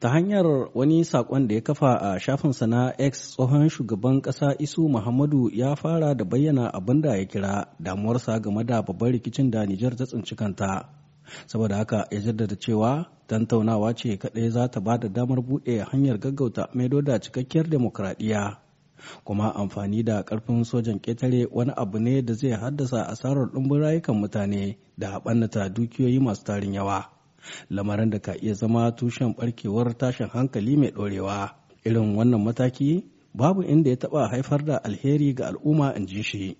ta hanyar wani sakon da ya kafa a shafin na x tsohon shugaban ƙasa isu muhammadu ya fara da bayyana abin da ya kira damuwarsa game da babban rikicin da nijar ta tsinci kanta saboda haka ya jaddada cewa tantaunawa ce kaɗai za ta ba da damar buɗe hanyar gaggauta mai da cikakkiyar demokradiyya kuma amfani da ƙarfin sojan ƙetare wani abu ne da zai haddasa asarar ɗumbin rayukan mutane da haɓannata dukiyoyi masu tarin yawa. lamarin da ka iya zama tushen barkewar tashin hankali mai ɗorewa irin wannan mataki babu inda ya taɓa haifar da alheri ga al'umma in ji shi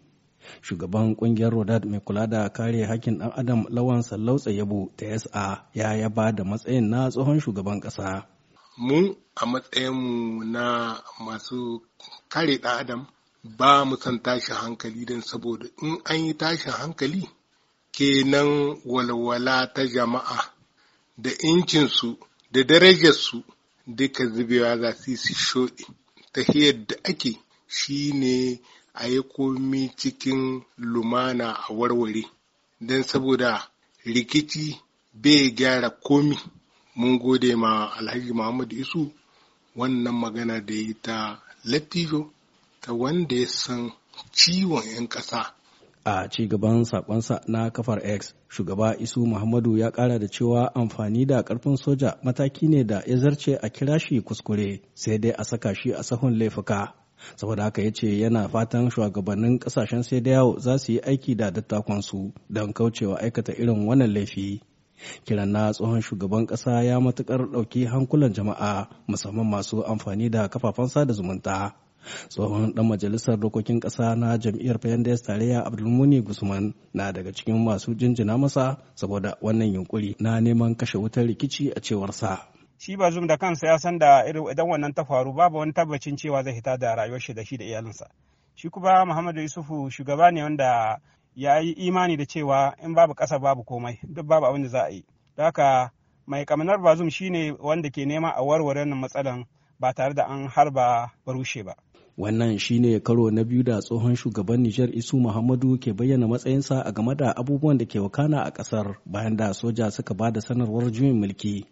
shugaban kungiyar rodad mai kula da kare hakkin ɗan adam lawan sallautsa yabo ta sa ya yaba da matsayin na tsohon shugaban ƙasa. mu a matsayinmu na masu kare ɗan adam ba mu san tashin hankali don saboda in an yi tashin hankali kenan walwala ta jama'a da incinsu da darajarsu duka zubewa za su su ta hiyar da ake shi ne a yi komi cikin lumana a warware don saboda rikici bai gyara komi mun gode ma alhaji muhammadu isu wannan magana da yi ta latijo ta wanda ya san ciwon 'yan ƙasa a ci gaban sakonsa na kafar x shugaba isu muhammadu ya kara da cewa amfani da karfin soja mataki ne da ya zarce a kira shi kuskure sai dai a saka shi a sahun laifuka saboda haka ya ce yana fatan shugabannin kasashen sai da yawo za su yi aiki da dattakonsu don kaucewa aikata irin wannan laifi kiran na tsohon shugaban kasa ya matukar ɗauki hankulan jama'a musamman masu amfani da kafafen sada zumunta tsohon dan majalisar dokokin kasa na jam'iyyar fayandes tarayya abdulmuni guzman na daga cikin masu jinjina masa saboda wannan yunkuri na neman kashe wutar rikici a cewar sa. shi ba zum da kansa ya san da idan wannan ta faru babu wani tabbacin cewa zai hita da rayuwar shi da shi da iyalinsa shi kuma muhammadu yusufu shugaba ne wanda ya yi imani da cewa in babu kasa babu komai duk babu abin da za a yi haka mai kamanar bazum shine wanda ke nema a warware wannan matsalan ba tare da an harba barushe ba. Wannan shine karo na biyu da tsohon shugaban Nijar Isu Muhammadu ke bayyana matsayinsa a game da abubuwan da ke wakana a ƙasar bayan da soja suka ba da sanarwar juyin mulki.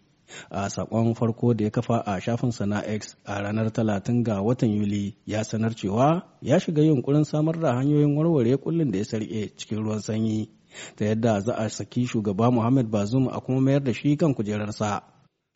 A sakon farko da ya kafa a shafin na X a ranar 30 ga watan Yuli ya sanar cewa ya shiga yunkurin samar da hanyoyin warware kullum da ya sarƙe cikin ruwan sanyi ta yadda za a saki shugaba Muhammad Bazum a kuma mayar da shi kan kujerarsa.